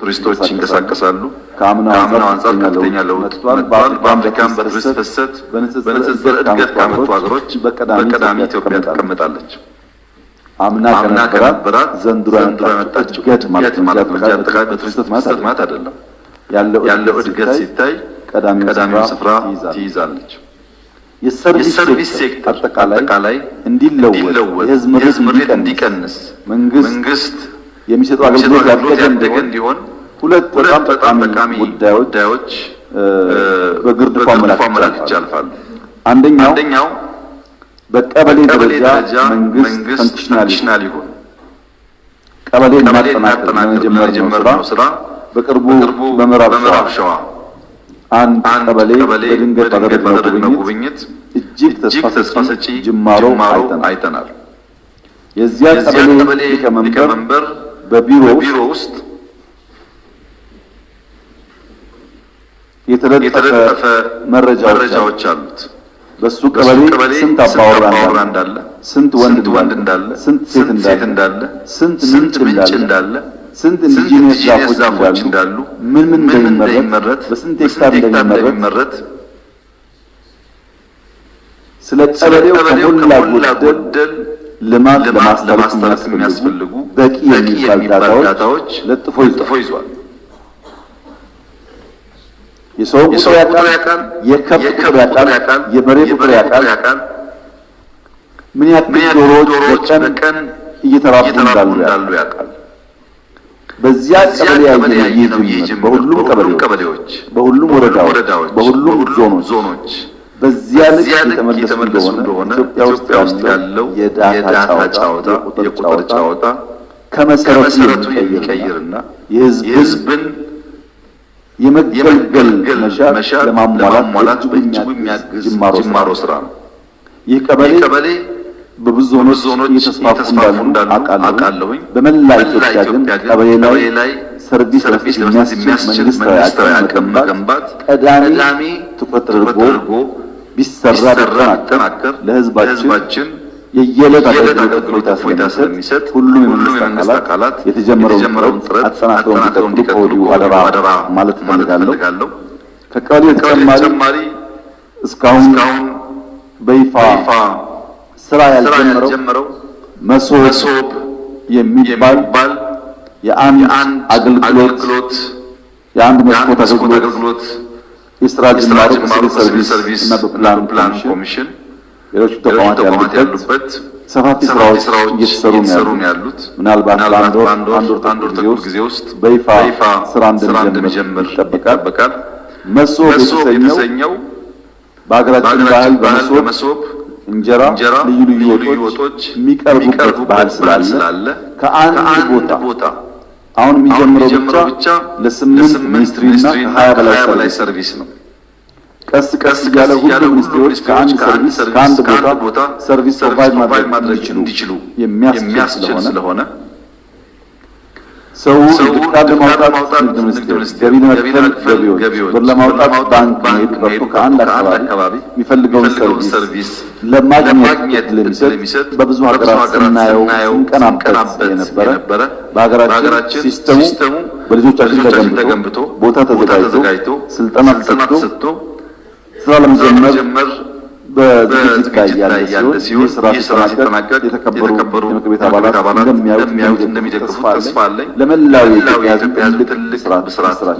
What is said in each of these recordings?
ቱሪስቶች ይንቀሳቀሳሉ። ከአምናው አንጻር ከፍተኛ ለውጥ መጥቷል። በአፍሪካም በቱሪስት ፍሰት በንጽጽር እድገት ካመጡ ሀገሮች በቀዳሚ ኢትዮጵያ ትቀመጣለች። አምና ከነበራት ዘንድሮ ያመጣችው እድገት ማለት ነው። አጠቃላይ በቱሪስት ፍሰት ማለት አይደለም። ያለው እድገት ሲታይ ቀዳሚ ስፍራ ትይዛለች። የሰርቪስ ሴክተር አጠቃላይ እንዲለወጥ የህዝብ ምሬት እንዲቀንስ መንግስት የሚሰጡ አገልግሎት ያደገ እንዲሆን ሁለት በጣም ጠቃሚ ጉዳዮች በግርድፉ አመላክት ይቻልፋል። አንደኛው አንደኛው በቀበሌ ደረጃ መንግስት ፈንክሽናል ይሆን ቀበሌ ማጠናከር የጀመርነው ስራ በቅርቡ በምዕራብ ሸዋ አንድ ቀበሌ በድንገት ባደረግነው ጉብኝት እጅግ ተስፋ ሰጪ ጅማሮ አይተናል። የዚያ ቀበሌ ሊቀመንበር በቢሮ ውስጥ የተለጠፈ መረጃዎች አሉት። በሱ ቀበሌ ስንት አባወራ እንዳለ፣ ስንት ወንድ እንዳለ፣ ስንት ሴት እንዳለ፣ ስንት ምንጭ እንዳለ፣ ስንት ኢንጂነር ዛፎች እንዳሉ፣ ምን ምን እንደሚመረት፣ በስንት ሄክታር እንደሚመረት ስለ ቀበሌው ከሞላ ጎደል ልማት ለማስተላለፍ የሚያስፈልጉ በቂ የሚባል ዳታዎች ለጥፎ ይዟል። የሰው ቁጥር ያውቃል፣ የከብት ቁጥር ያውቃል፣ የበሬ ቁጥር ያውቃል፣ ምን ያክል ዶሮዎች በቀን እየተራቡ እንዳሉ ያውቃል። በዚያ ቀበሌ ያየ ይህ ጅምር በሁሉም ቀበሌዎች፣ በሁሉም ወረዳዎች፣ በሁሉም ዞኖች በዚያ ልክ የተመለሱ እንደሆነ ኢትዮጵያ ውስጥ ያለው የዳታ ጫወታ፣ የቁጥር ጫወታ ከመሰረቱ የሚቀይርና የህዝብን የመገልገል መሻት ለማሟላት በእጅጉ የሚያግዝ ጅማሮ ስራ ነው። ይህ ቀበሌ በብዙ ዞኖች የተስፋፉ እንዳሉ አውቃለሁኝ። በመላ ኢትዮጵያ ግን ቀበሌ ላይ ሰርቪስ ለመስጠት የሚያስችል መንግስታዊ አቅም መገንባት ቀዳሚ ትኩረት ተደርጎ ቢሰራ ቢጠናከር ለህዝባችን የየዕለት አገልግሎት እፎይታ ስለሚሰጥ ሁሉም የመንግስት አካላት የተጀመረውን ጥረት አጠናክረው እንዲቀጥሉ አደራ ማለት እፈልጋለሁ። ከቃሉ ተጨማሪ እስካሁን በይፋ ስራ ያልጀመረው መሶብ የሚባል የአንድ አገልግሎት የአንድ መስኮት አገልግሎት የስራ ጅማሮ በሲቪል ሰርቪስ እና በፕላን ኮሚሽን ሌሎች ተቋማት ያሉበት ሰፋፊ ስራዎች እየተሰሩ ነው ያሉት። ምናልባት በአንድ ወር አንድ ወር ተኩል ጊዜ ውስጥ በይፋ ስራ እንደሚጀምር ይጠበቃል። መሶብ የተሰኘው በሀገራችን ባህል በመሶብ እንጀራ ልዩ ልዩ ወጦች የሚቀርቡበት ባህል ስላለ ከአንድ ቦታ አሁን የሚጀምረው ብቻ ለስምንት ሚኒስትሪና ከሀያ በላይ ሰርቪስ ነው። ቀስ ቀስ እያለ ሁሉ ሚኒስትሪዎች ከአንድ ሰርቪስ ከአንድ ቦታ ሰርቪስ ፕሮቫይድ ማድረግ እንዲችሉ የሚያስችል ስለሆነ ሰው ድቃ ለማውጣት ንግድ ሚኒስቴር፣ ገቢ ለመክፈል ገቢዎች፣ ብር ለማውጣት ባንክ መሄድ ቀርቶ ከአንድ አካባቢ የሚፈልገውን ሰርቪስ ለማግኘት ለሚሰጥ በብዙ ሀገራት ስናየው ስንቀናበት የነበረ በሀገራችን ሲስተሙ በልጆቻችን ተገንብቶ ቦታ ተዘጋጅቶ ስልጠና ተሰጥቶ ስራ ለመጀመር በዝግጅት ላይ ያለ ሲሆን ይህ ስራ ሲጠናቀቅ የተከበሩ የምክር ቤት አባላት እንደሚያዩት እንደሚደግፉት ተስፋ አለኝ። ለመላው የኢትዮጵያ ሕዝብ ትልቅ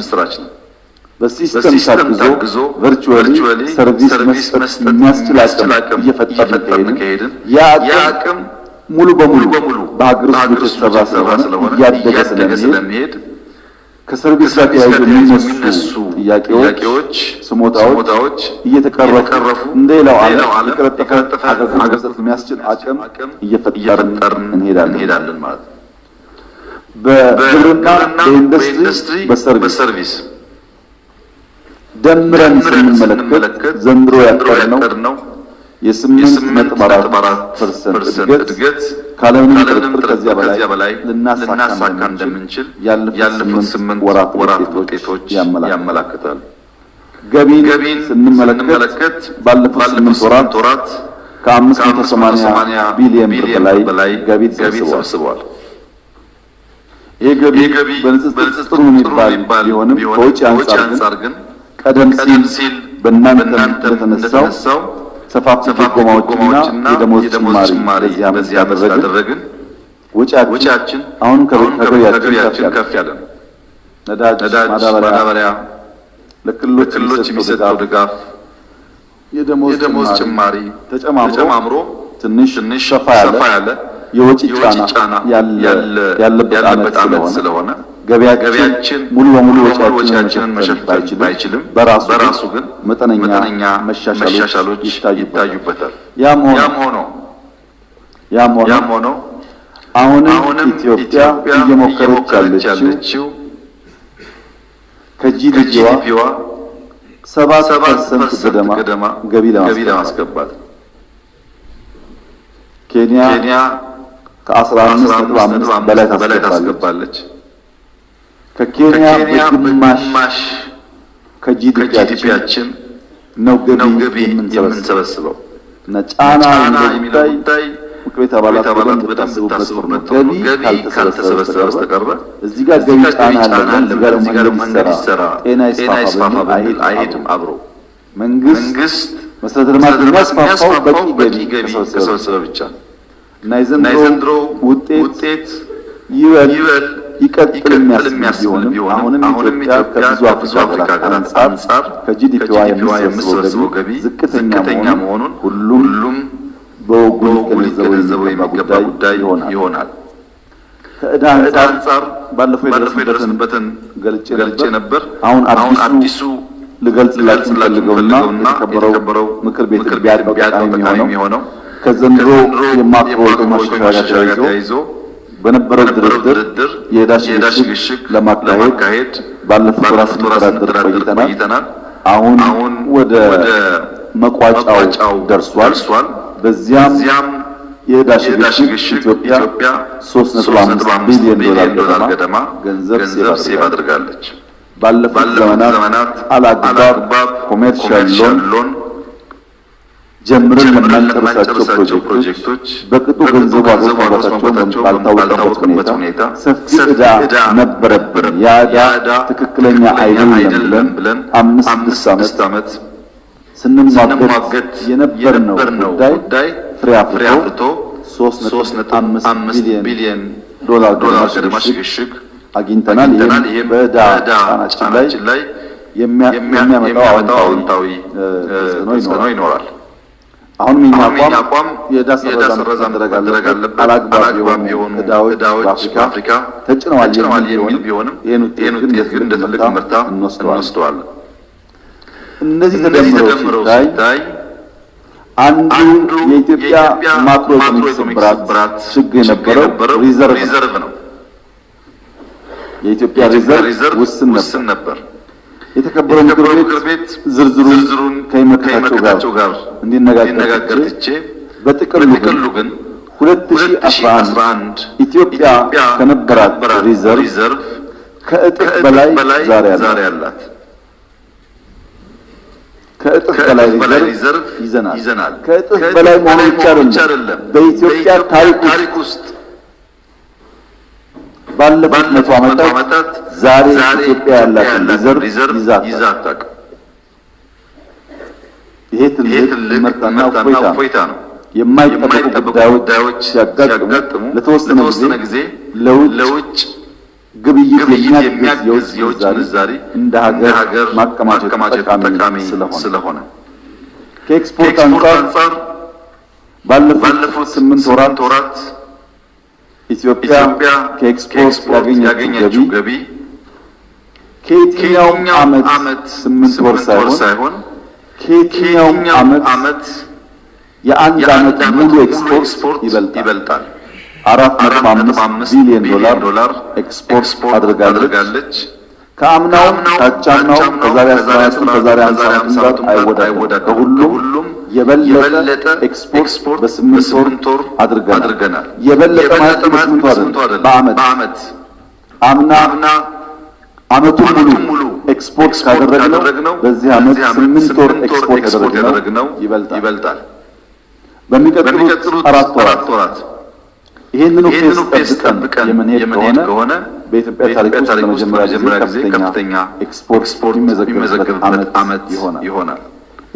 ምስራች ነው። በሲስተም ታግዞ ቨርቹዋሊ ሰርቪስ መስጠት የሚያስችል አቅም እየፈጠርን መካሄድን ያ አቅም ሙሉ በሙሉ በሀገር ውስጥ የተሰራ ስለሆነ እያደገ ስለሚሄድ ከሰርቪስ ጋር ተያይዞ የሚነሱ ጥያቄዎች፣ ስሞታዎች እየተቀረፉ እንደሌላው ዓለም የቀለጠፈ አገልግሎት መስጠት የሚያስችል አቅም እየፈጠርን እንሄዳለን ማለት ነው። በግብርና በኢንዱስትሪ፣ በሰርቪስ ደምረን ስንመለከት ዘንድሮ ያቀርነው የስምንት ነጥብ አራት ፐርሰንት እድገት ካለምንም ጥርጥር ከዚያ በላይ ልናሳካ እንደምንችል ያለፉት ስምንት ወራት ውጤቶች ያመላክታል። ገቢን ስንመለከት ባለፉት ስምንት ወራት ከአምስት መቶ ሰማንያ ቢሊየን ብር በላይ ገቢ ተሰብስቧል። ይህ ገቢ በንጽጽር ጥሩ የሚባል ቢሆንም ከውጪ አንጻር ግን ቀደም ሲል በእናንተ እንደተነሳው ሰፋፊ ድጎማዎችና የደሞዝ ጭማሪ በዚህ ዓመት ያደረግን ወጪያችን አሁንም ከገቢያችን ከፍ ያለ ነዳጅ፣ ማዳበሪያ፣ ለክልሎች የሚሰጠው ድጋፍ፣ የደሞዝ ጭማሪ ተጨማምሮ ትንሽ ሰፋ ያለ የወጪ ጫና ያለበት ዓመት ስለሆነ ገቢያችን ሙሉ በሙሉ ወጪያችንን መሸፈን ባይችልም በራሱ ግን መጠነኛ መሻሻሎች ይታዩበታል። ያም ሆኖ አሁንም ኢትዮጵያ እየሞከረች ያለችው ከጂዲፒዋ ሰባ ፐርሰንት ገደማ ገቢ ለማስገባት ኬንያ ከአስራ አምስት ነጥብ አምስት በላይ ታስገባለች። ከኬንያ በግማሽ ከጂዲፒያችን ነው ገቢ የምንሰበስበው እና ጫና የሚለው ጉዳይ ምክር ቤት አባላት በደንብ ነው። ገቢ ካልተሰበሰበ በስተቀር እዚህ ጋር ገቢ ጫና አለ፣ እዚህ ጋር መንገድ ይሰራ፣ ጤና ይስፋፋ በሚል አይሄድም አብሮ መንግስት መሰረተ ልማት የሚያስፋፋው በቂ ገቢ ከሰበሰበ ብቻ እና የዘንድሮ ውጤት ይበል ይቀጥል የሚያስብ ቢሆንም አሁንም ኢትዮጵያ ከብዙ አፍሪካ ሀገራት አንጻር ከጂዲፒዋ የምትሰበስበው ገቢ ዝቅተኛ መሆኑን ሁሉም በወጉ ሊገነዘበው የሚገባ ጉዳይ ይሆናል። ከዕዳ አንጻር ባለፈው የደረስንበትን ገልጬ ነበር። አሁን አዲሱ ልገልጽላችሁ የምፈልገውና የተከበረው ምክር ቤት ቢያጠቃሚ የሚሆነው ከዘንድሮ የማክሮ ማሻሻያ ጋር ተያይዞ በነበረው ድርድር የዳሽ ሽግሽግ ለማካሄድ ባለፈው ራስ ስንደራደር ቆይተናል። አሁን ወደ መቋጫው ደርሷል። በዚያም የዳሽ ሽግሽግ ኢትዮጵያ 3.5 ቢሊዮን ዶላር ገደማ ገንዘብ ሴቭ አድርጋለች። ባለፉት ዘመናት አላግባብ ኮሜርሻል ሎን ጀምረን ለማንጨርሳቸው ፕሮጀክቶች በቅጡ ገንዘቡ አጎስማባታቸውን ባልታወቀበት ሁኔታ ሰፊ ዕዳ ነበረብን። ያ ዕዳ ትክክለኛ አይደለም ብለን አምስት አምስት ዓመት ስንሟገት የነበርነው ጉዳይ ፍሬ አፍርቶ ሶስት ነጥብ አምስት ቢሊየን ዶላር ገደማ ሽግሽግ አግኝተናል። ይህም በዕዳ ጫናችን ላይ የሚያመጣው አዎንታዊ ተጽዕኖ ይኖራል። አሁንም የኛ አቋም የዕዳ ስረዛ መደረግ አለበት፣ አላግባብ የሆኑ ዕዳዎች በአፍሪካ ተጭነዋል የሚል ቢሆንም ይህን ውጤት ግን እንደ ትልቅ ምርታ እንወስደዋለን። እነዚህ ተደምረው ሲታይ አንዱ የኢትዮጵያ ማክሮ ኢኮኖሚክስ ብራት ችግር የነበረው ሪዘርቭ ነው። የኢትዮጵያ ሪዘርቭ ውስን ነበር። የተከበረው ምክር ቤት ዝርዝሩን ከይመክታቸው ጋር እንዲነጋገር ትቼ በጥቅሉ ግን 2011 ኢትዮጵያ ከነበራት ሪዘርቭ ከእጥፍ በላይ ዛሬ አላት። ከእጥፍ በላይ ሪዘርቭ ይዘናል። ከእጥፍ በላይ መሆኑ ብቻ አይደለም በኢትዮጵያ ታሪክ ውስጥ ባለበት መቶ ዓመታት ዛሬ ኢትዮጵያ ያላትን ሪዘርቭ ይዛ አታውቅም። ይሄ ትልቅ ምርታና እፎይታ ነው። የማይጠበቁ ጉዳዮች ሲያጋጥሙ ለተወሰነ ጊዜ ለውጭ ግብይት የሚያግዝ የውጭ ምንዛሪ እንደ ሀገር ማከማቸት ጠቃሚ ስለሆነ ከኤክስፖርት አንጻር ባለፉት ስምንት ወራት ኢትዮጵያ ከኤክስፖርት ያገኘችው ገቢ ከየትኛውም ዓመት ስምንት ወር ሳይሆን ከየትኛውም ዓመት የአንድ ዓመት ሙሉ ኤክስፖርት ይበልጣል። አራት ነጥብ አምስት ቢሊዮን ዶላር ኤክስፖርት አድርጋለች። ከአምናውም ከአቻምናውም ከዛሬ አስራ ከዛሬ ጋር አይወዳደርም። በሁሉም የበለጠ ኤክስፖርት በስምንት ወር አድርገናል። የበለጠ ማለት በስምንት ወር በአመት አምና አመቱ ሙሉ ኤክስፖርት ካደረግነው በዚህ አመት ስምንት ወር ኤክስፖርት ያደረግነው ይበልጣል። በሚቀጥሉት አራት ወራት ይህንን ፔስ ጠብቀን የምንሄድ ከሆነ በኢትዮጵያ ታሪክ ውስጥ ለመጀመሪያ ጊዜ ከፍተኛ ኤክስፖርት የሚመዘገብበት አመት ይሆናል።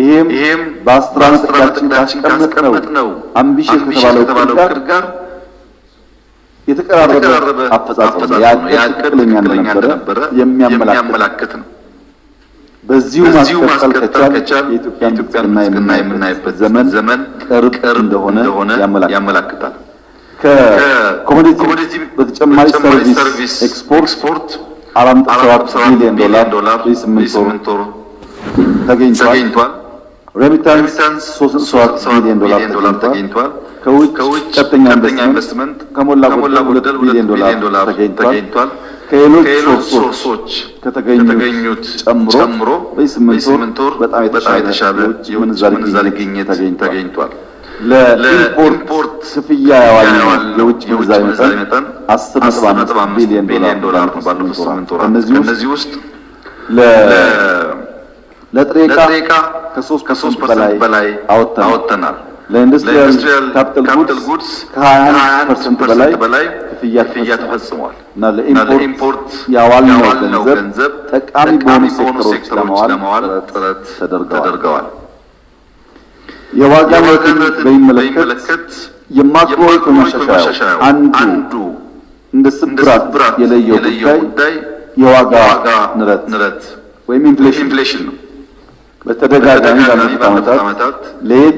ይሄም ይሄም በአስትራንስጥራችን ካስቀመጥ ነው አምቢሽን ከተባለው ቅር ጋር የተቀራረበ አፈጻጸም ነው። ያቀጥ እንደነበረ የሚያመላክት ነው። በዚሁ ማስቀጠል ከቻል የኢትዮጵያን ብልጽግና የምናይበት ዘመን ቅርብ እንደሆነ ያመላክታል። ከኮሞዲቲ በተጨማሪ ሰርቪስ ኤክስፖርት አራት ሚሊዮን ዶላር ስምንት ወር ተገኝቷል። ሬሚታንስ 3 ሚሊዮን ዶላር ተገኝቷል። ከውጭ ቀጥተኛ ኢንቨስትመንት ከሞላ ጎደል 2 ሚሊዮን ዶላር ተገኝቷል። ከሌሎች ሶርሶች ከተገኙት ጨምሮ በስምንት ወር በጣም የተሻለ የምንዛሪ ግኝት ተገኝቷል። ለኢምፖርት ክፍያ ያዋል የውጭ ምንዛሪ መጠን 10.5 ቢሊዮን ዶላር ባለፉት ስምንት ወራት ከእነዚህ ውስጥ ለጥሬ ዕቃ ከሶስት ፐርሰንት በላይ አወጥተናል። ለኢንዱስትሪያል ካፒታል ጉድስ ከ21 ፐርሰንት በላይ ክፍያ ተፈጽሟል እና ለኢምፖርት ያዋልነው ገንዘብ ጠቃሚ በሆኑ ሴክተሮች ለማዋል ጥረት ተደርገዋል። የዋጋ ንረትን በሚመለከት የማክሮ አንዱ እንደ ስብራት የለየው ጉዳይ የዋጋ ንረት ወይም ኢንፍሌሽን ነው። በተደጋጋሚ ባለፉት ዓመታት ለየት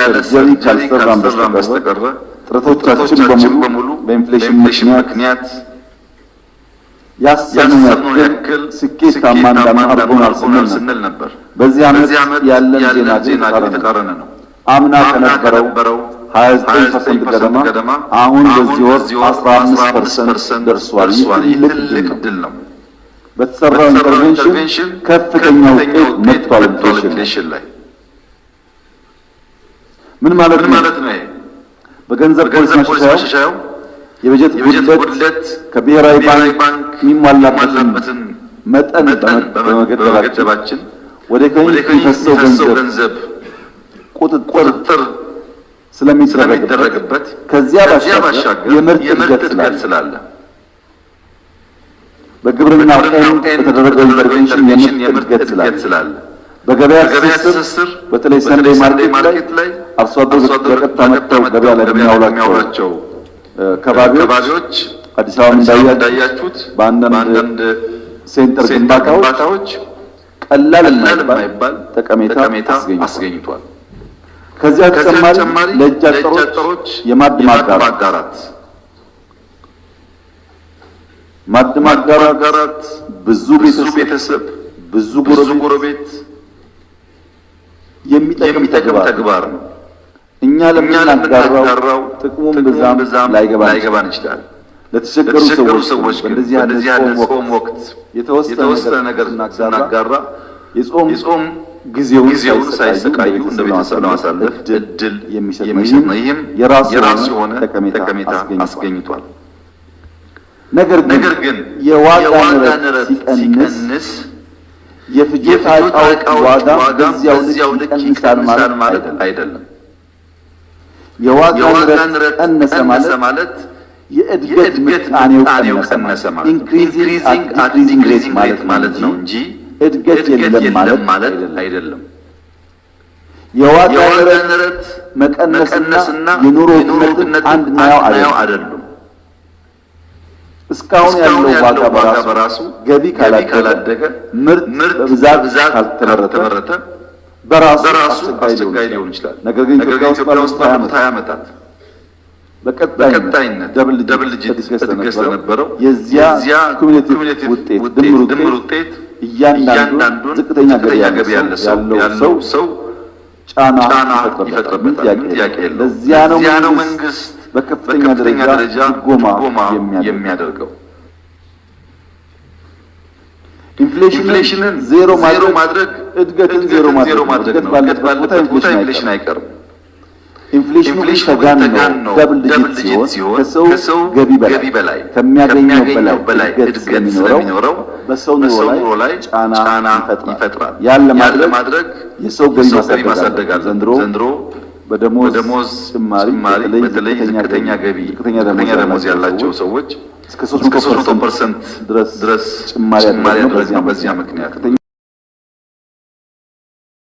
ያለ ሰርጀሪ ካልሰራን በስተቀር ጥረቶቻችን በሙሉ በኢንፍሌሽን ምክንያት ያሰብነውን ያክል ስኬታማ እንዳልሆንን ስንል ነበር። በዚህ ዓመት ያለን ዜና የተቃረነ ነው። አምና ከነበረው 29 ፐርሰንት ገደማ አሁን በዚህ ወር 15 ፐርሰንት ደርሷል። ይህ ትልቅ ድል ነው። በተሰራው ኢንተርቬንሽን ከፍተኛ ውጤት መጥቷል። ኢንፍሌሽን ላይ ምን ማለት ነው? በገንዘብ ፖሊሲ ማሻሻያው የበጀት ጉድለት ከብሔራዊ ባንክ የሚሟላበትን መጠን በመገደባችን ወደ ኢኮኖሚ የሚፈሰው ገንዘብ ቁጥጥር ስለሚደረግበት ከዚያ ባሻገር የምርት እድገት ስላለ በግብርና ቀን በተደረገው ኢንተርቬንሽን የምርት እድገት ስላለ በገበያ ትስስር በተለይ ሰንደይ ማርኬት ላይ አርሶ አደሮች በቀጥታ መጥተው ገበያ ላይ የሚያውላቸው ከባቢዎች አዲስ አበባ እንዳያችሁት በአንዳንድ ሴንተር ግንባታዎች ቀላል የማይባል ጠቀሜታ አስገኝቷል። ከዚያ ተጨማሪ ለእጅ አጠሮች የማዕድን ማጋራት ማዕድም ማጋራት ብዙ ቤተሰብ ብዙ ጎረቤት የሚጠቅም ተግባር ነው። እኛ ለምናጋራው ጥቅሙን ብዛም ላይገባን ይችላል። ለተቸገሩ ሰዎች እንደዚህ በእንደዚህ ያለ ጾም ወቅት የተወሰነ ነገር እናጋራ የጾም የጾም ጊዜውን ሳይሰቃዩ እንደ ቤተሰብ ለማሳለፍ እድል የሚሰጥ ነው። ይህም የራሱ የሆነ ጠቀሜታ አስገኝቷል። ነገር ግን የዋጋ ንረት ሲቀንስ የፍጆታ ዕቃዎች ዋጋ በዚያው ልክ ይቀንሳል ማለት አይደለም። የዋጋ ንረት ቀነሰ ማለት የእድገት ምጣኔው ቀነሰ ማለት ኢንክሪዚንግ አዲንግ ሬት ማለት ነው እንጂ እድገት የለም ማለት አይደለም። የዋጋ ንረት መቀነስና የኑሮ ውድነት አንድ ናያው አይደለም። እስካሁን ያለው ዋጋ በራሱ ገቢ ካላደገ ምርት ብዛት ካልተመረተ በራሱ አስቸጋሪ ሊሆን ይችላል። ነገር ግን ኢትዮጵያ ውስጥ ባለፉት ሀያ ዓመታት በቀጣይነት ደብል ዲጂት እድገት ስለነበረው የዚያ ኩሙሌቲቭ ውጤት ድምር ውጤት እያንዳንዱን ዝቅተኛ ገቢ ያለው ሰው ጫና ይፈጥርበታል። ጥያቄ የለውም። ለዚያ ነው መንግስት በከፍተኛ ደረጃ ጎማ የሚያደርገው ኢንፍሌሽንን ዜሮ ማድረግ እድገትን ዜሮ ማድረግ እድገት ባለበት ቦታ ኢንፍሌሽን አይቀርም። ኢንፍሌሽን ተጋን ነው ደብል ዲጂት ሲሆን ከሰው ገቢ በላይ ከሚያገኘው በላይ እድገት ስለሚኖረው በሰው ኑሮ ላይ ጫና ይፈጥራል። ያን ለማድረግ የሰው ገቢ ማሳደግ ዘንድሮ በደሞዝ ጭማሪ በተለይ ዝቅተኛ ገቢ ዝቅተኛ ደሞዝ ያላቸው ሰዎች እስከ 300 ፐርሰንት ድረስ ጭማሪ ያደረግነው በዚያ ምክንያት